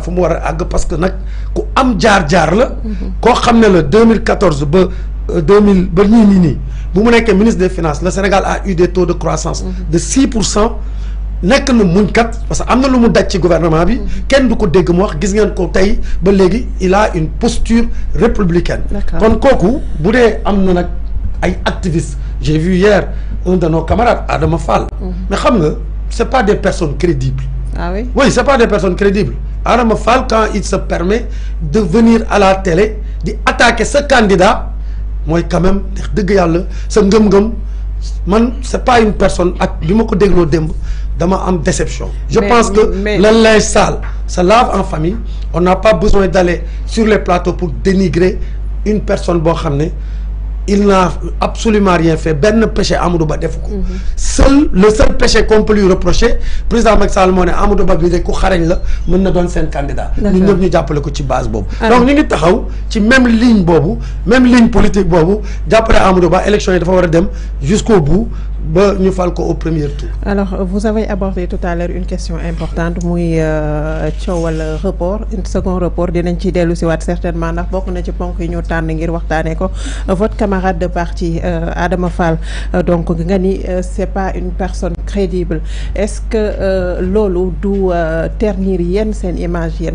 fu mu war a parce que nag ku am jaar-jaar la koo la 2014 ba 2000 euh, ba ñii nii bu mu ministre des finances le Sénégal a eu des taux de croissance mm-hmm. de 6 na parce que am na lu mu daj ci gouvernement bi mm-hmm. kenn du ko dégg mu wax gis ngeen ko ba il a une posture républicaine kon kooku bu dee am ay activistes j'ai vu hier un de nos camarades Adama Fall mm-hmm. mais xam nga c'est pas des personnes crédibles ah oui oui c'est pas des personnes crédibles Adama Fall, quand il se permet de venir à la télé, d'attaquer ce candidat, moi quand même, ce gum man c'est pas une personne ak bima ko dama déception je pense que le linge sale se lave en famille on n'a pas besoin d'aller sur les plateaux pour dénigrer une personne bo il n'a absolument rien fait le péché Amadou Ba le seul péché qu'on peut lui reprocher président Macky Sall Amadou Ba la candidat. base ah. donc taxaw ci même ligne même ligne politique d'après Amadou Ba élection jusqu'au bout. nous au premier tour. Alors, vous avez abordé tout à l'heure une question importante, Oui, euh, report, un second report, dinañ ci certainement de parti euh, Adam Fall euh, donc Gani, euh, c'est pas une personne crédible est-ce que Lolo do ternir yéen Sen, image